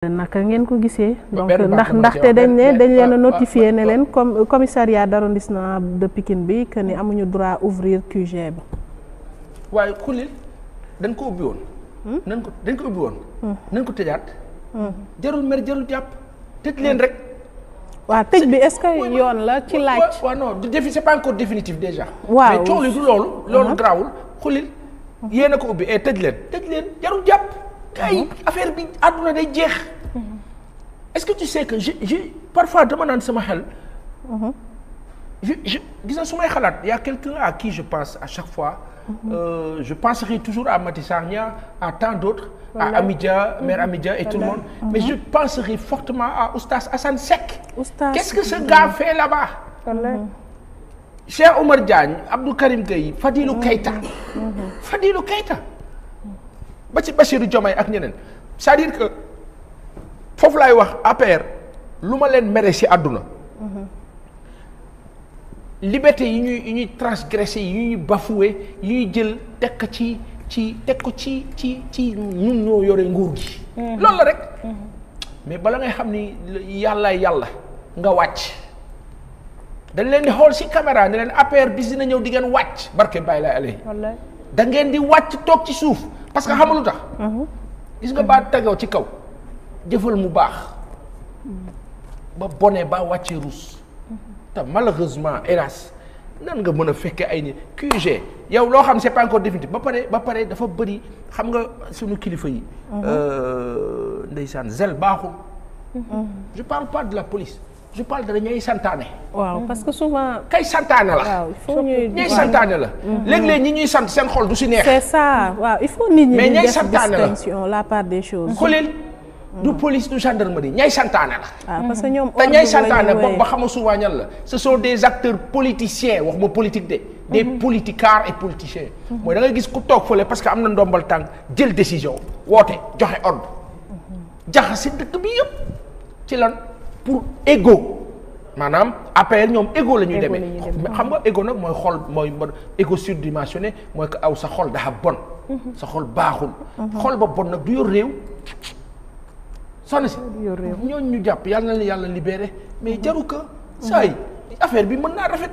naka ngeen ko gisee donc ndax ndaxte dañ ne dañ leen a notifié ne leen comme euh, commissariat d'arrondissement de Pikine bi que ni amuñu droit ouvrir QG bi waaye xulil dañ ko ubbi woon hmm? nañ ko dañ ko ubbi woon hmm. ko tëjaat hmm. jarul mer jarul jàpp tëj leen rek waa tëj bi est-ce que yoon la ci laaj waaw non défi c'est pas encore définitif loolu loolu uh-huh. garaawul xulil uh-huh. yéen a ko ubbi e tëj leen tëj leen jarul jàpp kay ah affaire bi àdduna day jeex. Mm-hmm. est-ce que tu sais que je je parfois dama sama xel. Mm-hmm. je je gis na may xalaat y a quelqu'un à qui je pense à chaque fois. Mm-hmm. Euh, je penserai toujours à Maty Sarr Niang à tant d'autres voilà. à Amidia mère mmh. Amidia et voilà. mais je penserai fortement à Oustaz Assane Seck qu'est-ce que ce gars fait là-bas voilà. Cheikh Omar Diagne Abdou Karim Gueye Fadilou Keita ba ci Bassirou Diomaye ak ñeneen c'est-à-dire que foofu laay wax APR lu ma leen mere si àdduna mm-hmm. liberté yi ñuy yi ñuy transgressé yi ñuy bafoué yi jël teg ko ci ci teg ko ci ci ci ñun ñoo yore nguur gi mm-hmm. loolu la rek mm-hmm. mais bala ngay xam ni yàlla yàlla nga wàcc dañ leen di xool si caméra ne leen APR bis dina ñëw di ngeen wàcc barke bàyyi laay ale da ngeen di wàcc toog ci suuf parce que xamalu tax mhm. gis nga baat tegaw ci kaw jëfal mu baax ba bone baa wàccee ruus te malheureusement hélas nan nga mën a fekkee ay ni QG yow loo xam c'est pas encore définitif ba pare ba pare dafa bëri xam nga suñu kilifa yi mhm. euh, ndeysaan zel baaxul mhm. je parle pas de la police je parle de ñay santaane. waaw parce que souvent. kay santaane la. waaw la. Mm-hmm. léeg-léeg ñi ñuy sant seen xol du si neex. c'est ça waaw il faut nit ñi mais ñay santaane la la part des choses. xooleel du police du gendarmerie ñay santaane la. waaw ah, que ñoom te ñay santaane boog ba xama souvent ñan la ce sont des acteurs politiciens wax ma politique de. des mm-hmm. politicards et politiciens. mooy da gis ku toog fële parce que am na ndombal tànk jël décision woote joxe ordre. Mm-hmm. jaxase dëkk bi yëpp ci lan. pour égo maanaam APR ñoom égo la ñuy demee xam nga égo nag mooy xol mooy égo surdimensionné mooy ko aw sa xol dafa bon mhm. sa xol baaxul mhm. xol ba bon nag du yor réew soxna si ñooñ ñu jàpp yàlla na yàlla libéré mais mhm. jaru que saa yi affaire bi mën naa rafet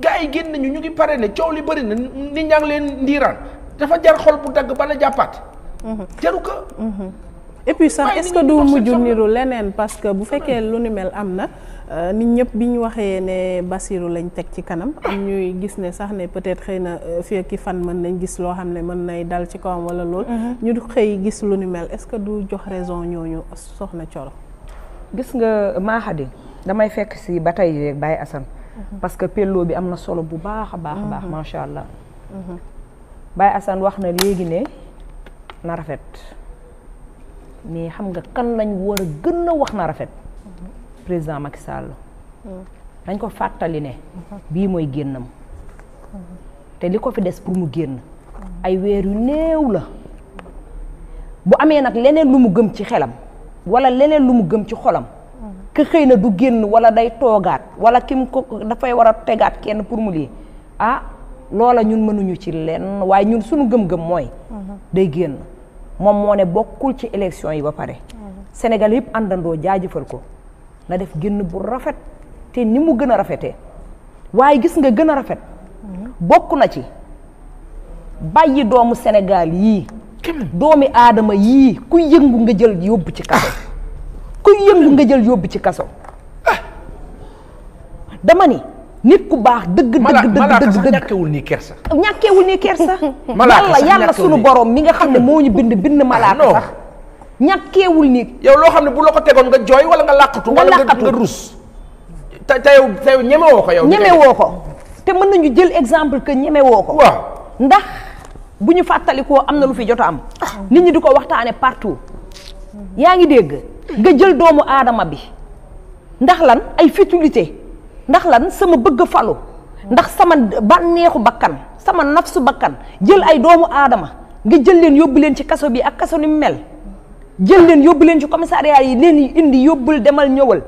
gars yi génn nañu ñu ngi pare ne coow li bari na nit ñaa leen ndiiraan dafa jar xol bu dagg a jàppaat jaru que et puis sax est-ce que du mujj niru leneen parce que bu fekkee lu ni mel am na euh, nit ñëpp bi ñu waxee ne Bassirou lañ teg ci kanam am ñuy gis ne sax ne peut-être xëy na euh, fii ak fan mën nañ gis loo xam ne mën nay dal ci kawam wala lool. Mhm. ñu xëy gis lu ni mel est-ce que du jox raison ñooñu soxna Coro. gis nga Mahadi damay fekk si ba tey rek Baye Assane. Mhm. parce que pello bi am na solo bu baax a baax a mhm. macha allah. Baye Assane wax na léegi ne na rafet. mais xam nga kan lañ war a gën a wax na rafet président Macky Sall mm. dañ ko fàttali ne mm-hmm. bii mooy génnam mm-hmm. te li ko fi des pour mu génn mm-hmm. ay weer yu néew la bu amee nag leneen lu mu gëm ci xelam wala leneen lu mu gëm ci xolam ka xëy na du génn wala day toogaat wala kim ko dafay war a tegaat kenn pour mu lii ah loola ñun mënuñu ci lenn waaye ñun suñu gëm-gëm mooy day génn moom moo ne bokkul ci élection yi ba pare Sénégal yëpp àndandoo jaajëfal ko na def génn bu rafet te ni mu gën a rafetee waaye gis nga gën a rafet bokk na ci bàyyi doomu Sénégal yii kenn doomi aadama yii ku yëngu nga jël yóbbu ci kaso ku yëngu nga jël yóbbu ci kaso dama ni nit ku baax dëgg dëgg dëgg dëgg ñàkkewul nii kersa ñàkkewul nii kersa yàlla yàlla sunu borom mi nga xam ne moo ñu bind bind ah, malaaka sax ñàkkeewul nii yow loo xam ne bu la ko tegoon nga jooy wala nga làqatu wala nga rus te te yow te yow ñemewoo ko yow ñemewoo ko te mën ñu jël exemple que ñemewoo ko waaw ndax bu ñu fàttalikoo am na lu fi jot a am ah. nit ñi di ko waxtaane partout yaa ngi dégg nga jël doomu aadama bi ndax lan ay futilité ndax lan sama bëgg falu ndax sama bànneexu bakkan sama nafsu bakkan jël ay doomu aadama nga jël leen yóbbu leen ci kaso bi ak kaso ni mel jël leen yóbbu leen ci commissariat yi leen indi yóbbul demal ñëwal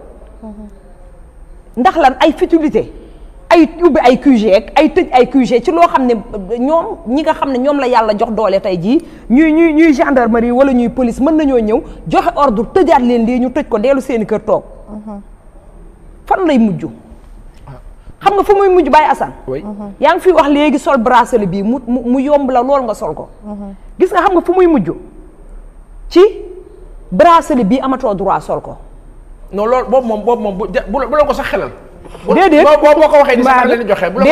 ndax lan ay futilité ay ubbi ay QG ak ay tëj ay QG ci loo xam ne ñoom ñi nga xam ne ñoom la yàlla jox doole tey jii ñuy ñuy ñuy gendarmerie wala ñuy police mën nañoo ñëw joxe ordre tëjaat leen lii ñu tëj ko dellu seeni kër toog mhm. fan lay mujj xam nga fu muy mujj Baye Assane yaa ngi fi wax léegi sol bracelet bii mu mu yomb la lool nga sol ko gis nga xam nga fu muy mujj ci bracelet bii amatoo droit sol ko non loolu boobu moom boobu moom bu bu la ko sax xelal déedéet boobu boo ko waxee ni sax lañu joxe bu la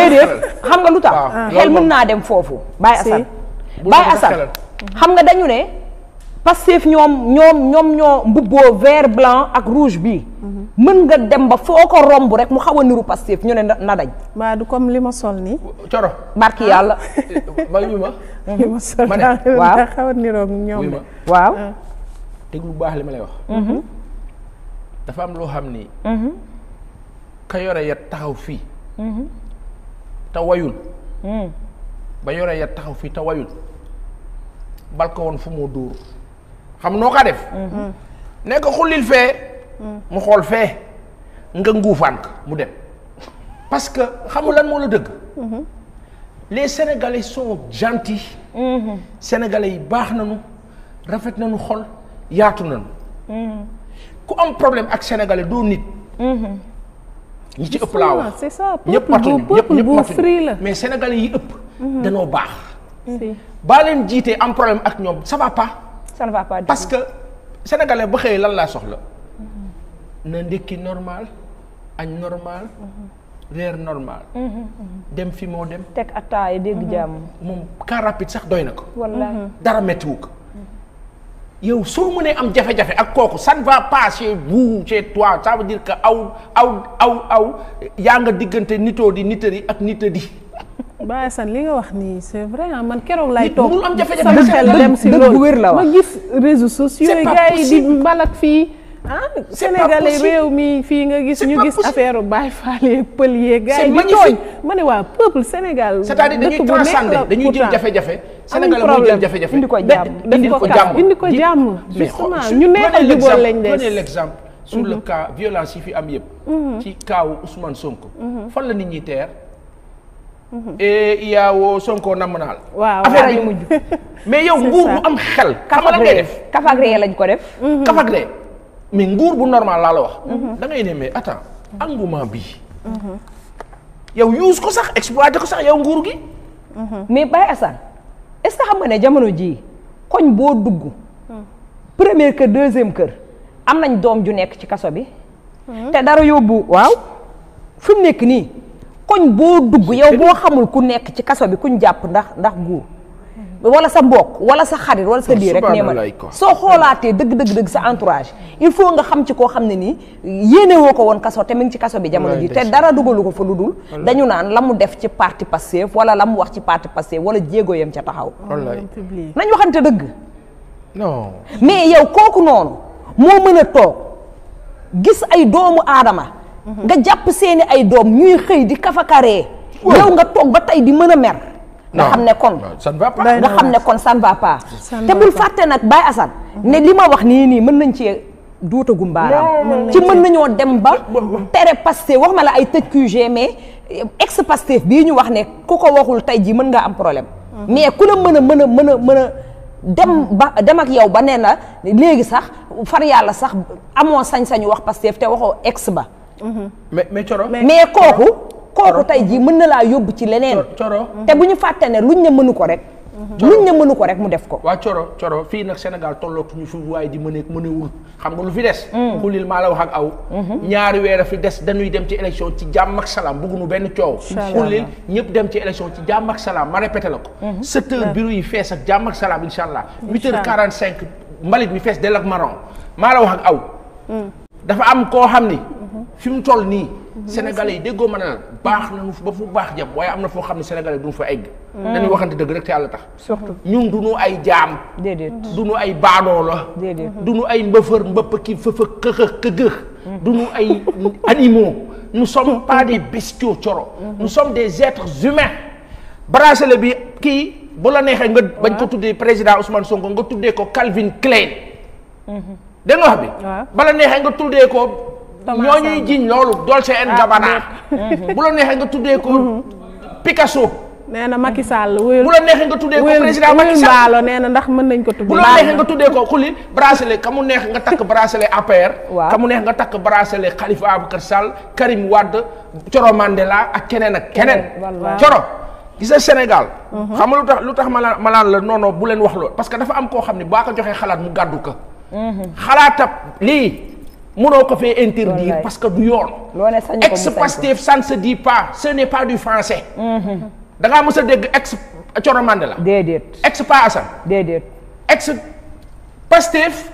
xam nga lu tax xel mën naa dem foofu Baye Assane Baye Assane xam nga dañu ne Pastef ñoom ñoom ñoom ñoo mbubboo vert blanc ak rouge bii mën nga dem ba foo ko romb rek mu xaw a niru Pastef ñu ne na daj. maa du comme li ma sol nii. coro barki yàlla. ma ñu ma. li ma sol waaw a niroog ñoom. Ah. lay wax. Mm-hmm. dafa am loo xam ni. Mm-hmm. ka yore yat taxaw fii. Mm-hmm. te wayul. Mm. ba yore yat taxaw fii te wayul. bal woon fu moo dóor. xam noo ko def. Mm. nekk xullil fee. mu xool fee nga nguufaan ko mu dem parce que xamul lan moo la dëgg les sénégalais soo gentils mmh. sénégalais yi baax nañu rafet nañu xol yaatu nañu ku am problème ak sénégalais doo nit ñi ci ëpp laa wax c'est ça ñëpp matuñu ñëpp matuñu mais sénégalais yi ëpp mhm. danoo baax baa leen jiitee am problème ak ñoom ça va pas ça ne va pas parce que sénégalais ba xëyee lan laa soxla na ndékki normal añ normal mhm. reer normal mhm, mhm, dem fi moo dem teg ataaya dégg jàmm moom car rapide sax doy na ko wallaahi dara méttiwu ko yow soo nee am jafe-jafe ak kooku ça ne va pas chez vous chez toi ça aw aw aw aw yaa nga diggante nitoo di nitari ak nita di Baye san li nga wax nii c'est vrai ah, man keroog lay toog mënul am jafe-jafe sama xel dem si loolu ma gis réseaux sociaux yi gars di balak fii ah réew mi fii nga gis ñu gis affaire Baye Fall yeeg pël yeeg. gars yi ma ne waa peuple Sénégal. c'est-à-dire dañuy transcender dañuy jël jafe-jafe. Sénégal moo jël jafe-jafe indi ko jàmm indi ko jàmm indi ko jàmm. justement a jubóol lañ des l'exemple sur le mm-hmm. cas violence yi fi am yëpp. Mm-hmm. ci kaawu Ousmane sonk mm-hmm. fan la nit ñi teer. yaawoo Sonko namm naal. waaw affaire bi mujj. mais yow nguur bu am xel. xam nga lañ ko def. kafagree. mais nguur bu normal laa la wax. Mhm. da ngay ne mais attends mhm. engouement bi mhm. yow use ko sax exploité ko sax yow nguur gi. mais Baye Assane est ce que xam nga ne jamono jii koñ boo dugg. première kër deuxième kër am nañ doom ju nekk ci kaso bi. te dara yóbbu waaw fu mu nekk nii koñ boo dugg yow boo xamul ku nekk ci kaso bi kuñ jàpp ndax ndax nguur. wala sa mbokk wala sa xarit wala sa lii rek nee ma soo xoolaatee dëgg dëgg dëgg sa entourage il faut nga xam ci koo xam ne nii yéene ko woon kaso tamit ci kaso bi jamono ji te dara dugalu ko fa lu dul dañu naan la mu def ci parti Pastef wala la mu wax ci parti Pastef wala jéego yam ca taxaw nañ waxante dëgg non mais yow kooku noonu moo mën a toog gis ay doomu aadama mhm. nga jàpp seeni ay doom ñuy xëy di kafakaree yow nga toog ba tey di mën a mer nga xam ne kon ça ne va pas nga xam ne kon ça ne va te bul fàtte nag Baye Assane ne li ma wax nii nii mën nañ ci duutagum baaraam ci mën nañoo dem ba tere Pastef wax ma la ay tëj QG mais eh, ex Pastef bii ñu wax ne ku ko waxul tey ji mën nga am problème mm-hmm. mais ku la mën a mën a mën a mën a dem mm-hmm. ba dem ak yow ba nee na léegi sax far yàlla sax amoo sañ-sañu wax Pastef te waxoo ex ba mm-hmm. mais kooku kooku tey jii mën na laa yóbbu ci leneen. coro te bu ñu fàtte ne luñ ne mënu ko rek. Mm-hmm. luñ ne mënu ko rek mu def ko. waaw coro coro fii nag Sénégal tollootuñu fi waaye di mëneek mënewul xam nga lu fi des. Mm. xulil maa la wax ak aw. Mm-hmm. ñaari weer a fi des dañuy dem ci élection ci jàmm ak salaam bëgguñu benn coow. xulil ñëpp dem ci élection ci jàmm ak salaam ma répété la ko. 7 mm-hmm. heures bureau yi fees ak jàmm ak salaam incha allah. 8 heures 45 mbalit mi fees dell ak marron maa la mm. ni. sénégalais yi déggoo ma naan baax na nañu ba fu baax jam waaye am na foo xam ne du duñu fa egg dañuy mm. waxante dëgg rek te yàlla tax surtout ñun duñu ay jaam déedéet duñu ay baadoo la déedéet mm-hmm. ay mbëfër mbëpp ki fëfa këkë këgëx duñu ay animaux nous sommes pas mm-hmm. des bestiaux coro mm-hmm. nous sommes des êtres humains bracelet bi kii bu la neexee nga bañ ko tuddee président Ousmane Sonko nga tuddee ko Calvin Klein dégg nga bi bala neexee nga tuddee ko ñoo ñuy jiñ loolu Dolce and ah, Gabbana bu la neexee nga tuddee ko mhm. Picasso nee na Macky Sall wuyul bu la neexee nga tuddee ko président Macky na ndax mën nañ ko tudd tuddee ko xuli bracelet ka mu neex nga takk bracelet APR waaw ka mu neex nga takk bracelet Khalifa Aboubacar Sall Karim Wade Coro Mandela ak keneen ak keneen Coro gis nga Sénégal mhm. xam nga lu tax lu tax malaan malaan la non bu leen wax loolu parce que dafa am koo xam ne baa ko joxee xalaat mu gàddu ko mhm. xalaatab lii mënoo ko fee interdire parce que du yoon. loo ne sañu ex Pastef pas ce n'est pas du français. Mm-hmm. da ngaa dégg ex Coro Mandela. déedéet ex déedéet ex Pastef